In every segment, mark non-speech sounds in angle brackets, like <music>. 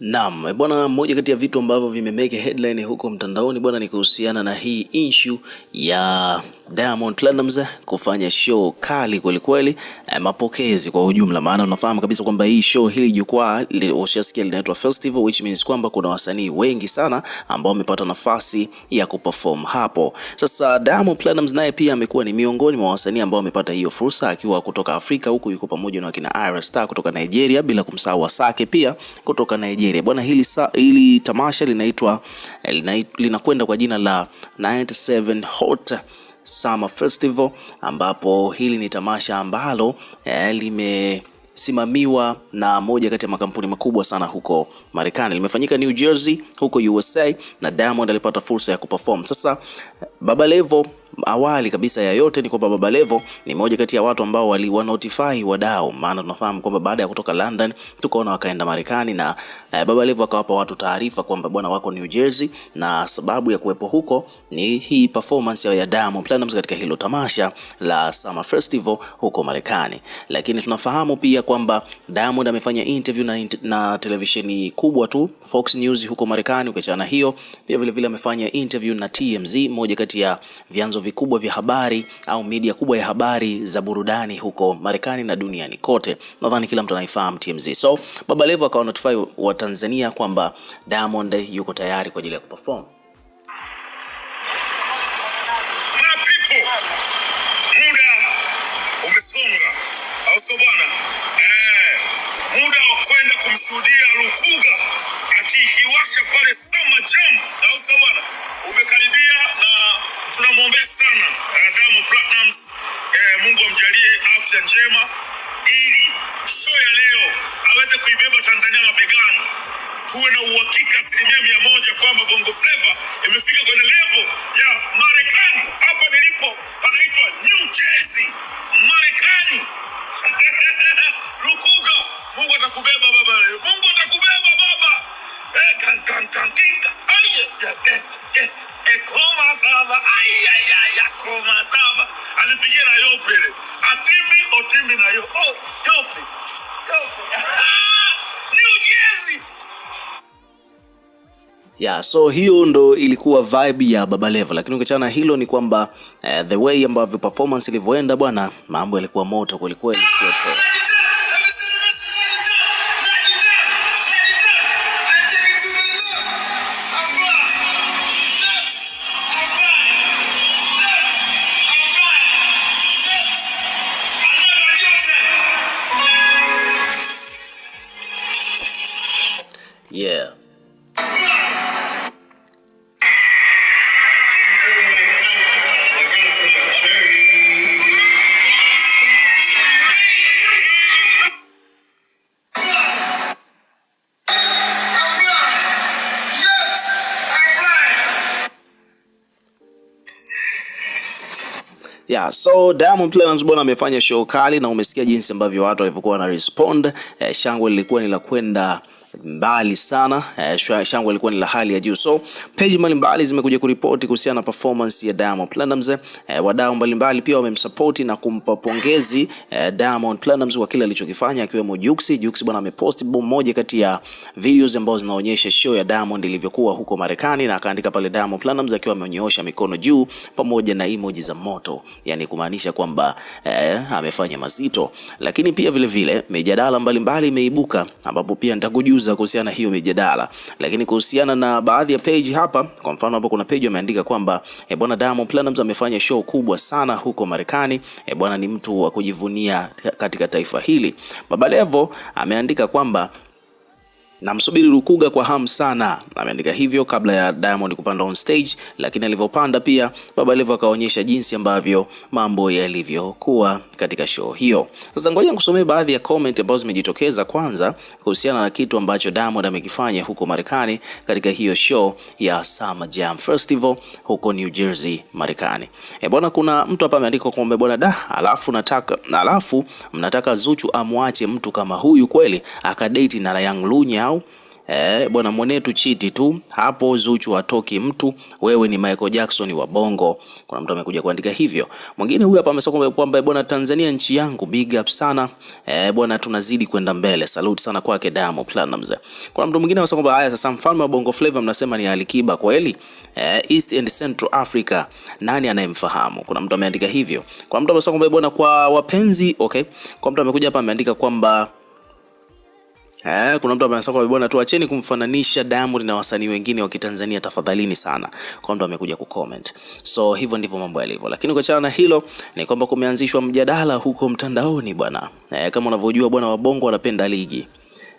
Naam, eh, bwana, moja kati ya vitu ambavyo vimemeke headline huko mtandaoni bwana ni kuhusiana na hii issue ya Diamond Platnumz kufanya show kali kwelikweli, eh, mapokezi kwa ujumla, maana unafahamu kabisa kwamba hii show hili jukwaa ushasikia linaitwa festival, which means kwamba kuna wasanii wengi sana ambao wamepata nafasi ya kuperform hapo. Sasa Diamond Platnumz naye pia amekuwa ni miongoni mwa wasanii ambao wamepata hiyo fursa, akiwa kutoka Afrika huku, yuko pamoja na wakina Ira Star kutoka Nigeria, bila kumsahau Wasake pia kutoka Nigeria. Bwana, hili, hili tamasha linaitwa eh, linakwenda kwa jina la 97 Hot Summer Festival ambapo hili ni tamasha ambalo eh, lime simamiwa na moja kati ya makampuni makubwa sana huko Marekani. Limefanyika New Jersey huko USA na Diamond alipata fursa ya kuperform. Sasa Baba Levo awali kabisa ya yote ni kwamba Baba Levo ni moja kati ya watu ambao waliwa notify wadau, maana tunafahamu kwamba baada ya kutoka London tukaona wakaenda Marekani na eh, Baba Levo akawapa watu taarifa kwamba bwana wako New Jersey, na sababu ya kuwepo huko ni hii performance ya Diamond Platnumz katika hilo tamasha la Summer Festival huko Marekani. Lakini tunafahamu pia kwamba Diamond amefanya interview na, na televisheni kubwa tu Fox News huko Marekani. Ukiachana hiyo, pia vile vile amefanya interview na TMZ, moja kati ya vyanzo vyanzo vikubwa vya habari au media kubwa ya habari za burudani huko Marekani na duniani kote. Nadhani kila mtu anaifahamu TMZ. So Baba Levo akawa notify wa Tanzania kwamba Diamond yuko tayari kwa ajili ya kuperform. Eh, Jam, umekaribia njema, ili sio ya leo aweze kuibeba Tanzania mabegani. Tuwe na uhakika asilimia mia moja kwamba Bongo Flava imefika kwenye levo ya Marekani. Hapa nilipo panaitwa New Jersey, Marekani. <laughs> Lukuga, Mungu atakubeba baba, leo, Mungu atakubeba baba. Eh, kan kan kan kinka aliye eh, eh eh eh koma saba ai ai ai koma saba alipigia na yopele ati Otimbi na oh, Yeah, so hiyo ndo ilikuwa vibe ya Baba Levo, lakini ukiachana na hilo ni kwamba uh, the way ambavyo performance ilivyoenda bwana, mambo yalikuwa moto kweli sio poa. Yeah, so Diamond Platnumz bwana amefanya show kali na umesikia jinsi ambavyo watu walivyokuwa wana respond. Eh, shangwe lilikuwa ni la kwenda mbali sana. eh, shangwe ilikuwa ni la hali ya juu. So page mbalimbali zimekuja kuripoti kuhusiana na performance ya Diamond Platnumz. Eh, wadau mbalimbali pia wamemsupport na kumpa pongezi eh, Diamond Platnumz kwa kile alichokifanya akiwemo Juksi. Juksi bwana amepost moja kati ya videos ambazo zinaonyesha show ya Diamond ilivyokuwa huko Marekani na akaandika pale Diamond Platnumz akiwa amenyoosha mikono juu pamoja na emoji za moto, yani kumaanisha kwamba eh, amefanya mazito, lakini pia vile vile mijadala mbalimbali imeibuka ambapo pia nitakujuza kuzungumza kuhusiana hiyo mijadala, lakini kuhusiana na baadhi ya page hapa, kwa mfano hapo kuna page ameandika kwamba e, bwana Diamond Platnumz amefanya show kubwa sana huko Marekani. E, bwana ni mtu wa kujivunia katika taifa hili. Baba Levo ameandika kwamba Namsubiri Lukuga kwa hamu sana, ameandika hivyo kabla ya Diamond kupanda on stage, lakini alivyopanda pia Baba Levo akaonyesha jinsi ambavyo mambo yalivyokuwa katika show hiyo. Sasa ngoja nikusomee baadhi ya comment ambazo zimejitokeza, kwanza kuhusiana na kitu ambacho Diamond amekifanya huko Marekani katika hiyo show ya Summer Jam Festival huko New Jersey, Marekani. E bwana, kuna mtu hapa ameandika kwamba bwana da, alafu nataka, alafu mnataka Zuchu amwache mtu kama huyu kweli akadate na Young Lunya yao. Eh, bwana mwanetu chiti tu hapo, Zuchu hatoki mtu, wewe ni Michael Jackson wa Bongo. Kuna mtu amekuja kuandika hivyo. Mwingine huyu hapa amesema kwamba bwana, Tanzania nchi yangu, big up sana eh, bwana, tunazidi kwenda mbele. Salute sana kwake Diamond Platnumz. Kuna mtu mwingine amesema kwamba haya sasa, mfalme wa Bongo Flava mnasema ni Alikiba kweli? Eh, East and Central Africa nani anayemfahamu? Kuna mtu ameandika hivyo. Kuna mtu amesema kwamba bwana, kwa wapenzi okay. Kuna mtu amekuja hapa ameandika kwamba Eh, kuna mtu ambaye anasema bwana tu acheni kumfananisha Diamond na wasanii wengine wa Kitanzania tafadhalini sana. Kwa mtu amekuja kucomment. So hivyo ndivyo mambo yalivyo. Lakini kuachana na hilo ni kwamba kumeanzishwa mjadala huko mtandaoni bwana. Eh, kama unavyojua bwana wabongo wanapenda ligi.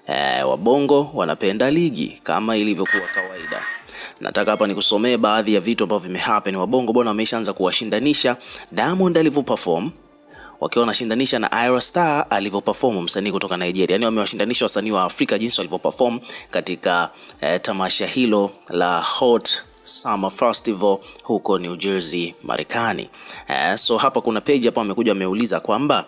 Eh, wabongo wanapenda ligi kama ilivyokuwa kawaida. Nataka hapa nikusomee baadhi ya vitu ambavyo vimehappen. Wabongo bwana wameshaanza kuwashindanisha Diamond alivyoperform wakiwa wanashindanisha na Ira Star alivyoperform msanii kutoka Nigeria. Yani wamewashindanisha wasanii wa Afrika jinsi walivyoperform katika eh, tamasha hilo la Hot Summer Festival huko New Jersey, Marekani. Eh, so hapa kuna page hapa wamekuja wameuliza kwamba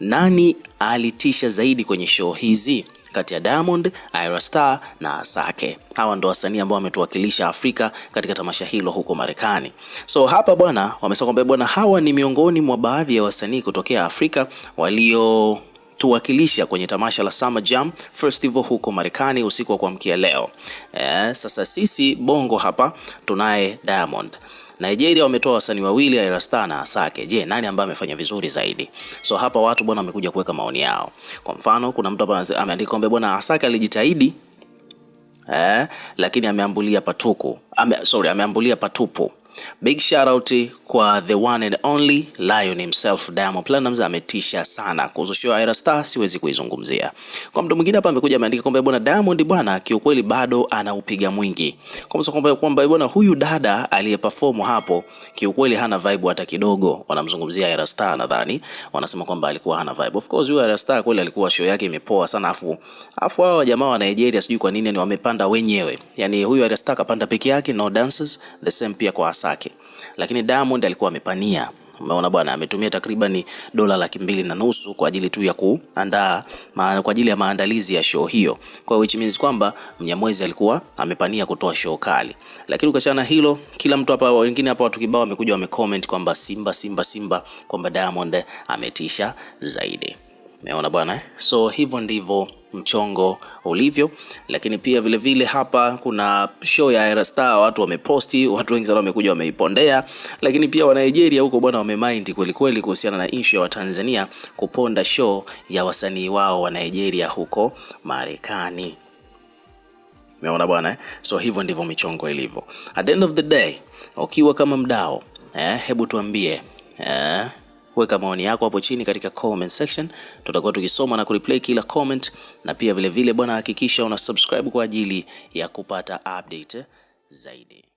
nani alitisha zaidi kwenye show hizi? kati ya Diamond, Ira Star na Asake. Hawa ndo wasanii ambao wametuwakilisha Afrika katika tamasha hilo huko Marekani. So hapa bwana, wamesema kwamba bwana, hawa ni miongoni mwa baadhi ya wasanii kutokea Afrika walio tuwakilisha kwenye tamasha la Summer Jam Festival huko Marekani usiku wa kuamkia leo. Eh, sasa sisi Bongo hapa tunaye Diamond. Nigeria wametoa wasanii wawili Aerastar na Asake. Je, nani ambaye amefanya vizuri zaidi? So hapa watu bwana wamekuja kuweka maoni yao. Kwa mfano kuna mtu hapa ameandika kwamba bwana Asake alijitahidi eh, lakini ameambulia patuku. Ame, sorry, ameambulia patupu Big shout out kwa the one and only Lion himself Diamond Platnumz ametisha sana. Kuhusu show ya Star siwezi kuizungumzia. Kwa mtu mwingine hapa amekuja ameandika kwamba bwana Diamond bwana kiukweli bado anaupiga mwingi. Kwa msa kwamba kwamba bwana huyu dada aliyeperform hapo kiukweli hana vibe hata kidogo. Wanamzungumzia Ayra Star nadhani. Wanasema kwamba alikuwa hana vibe. Of course huyu Ayra Star kweli alikuwa show yake imepoa sana afu afu hao jamaa wa Nigeria sijui kwa nini ni wamepanda wenyewe. Yaani huyu Ayra Star kapanda peke yake no dances the same pia kwa Masaki, lakini Diamond alikuwa amepania. Umeona bwana, ametumia takriban dola laki mbili na nusu kwa ajili tu ya kuandaa kwa ajili ya maandalizi ya show hiyo, kwa which means kwamba Mnyamwezi alikuwa amepania kutoa show kali. Lakini ukachana hilo, kila mtu hapa, wengine hapa, watu kibao wamekuja wamecomment kwamba Simba, Simba, Simba, kwamba Diamond ametisha zaidi. Umeona bwana, eh? so hivyo ndivyo mchongo ulivyo, lakini pia vile vile hapa kuna show ya Era Star, watu wameposti, watu wengi sana wamekuja wameipondea, lakini pia wa Nigeria huko bwana wamemind kweli kweli kuhusiana na issue ya Watanzania kuponda show ya wasanii wao wa Nigeria huko Marekani. Umeona bwana eh? So hivyo ndivyo michongo ilivyo. At the end of the day, ukiwa kama mdao eh, hebu tuambie eh, Weka maoni yako hapo chini katika comment section, tutakuwa tukisoma na kureplay kila comment, na pia vilevile bwana, hakikisha una subscribe kwa ajili ya kupata update zaidi.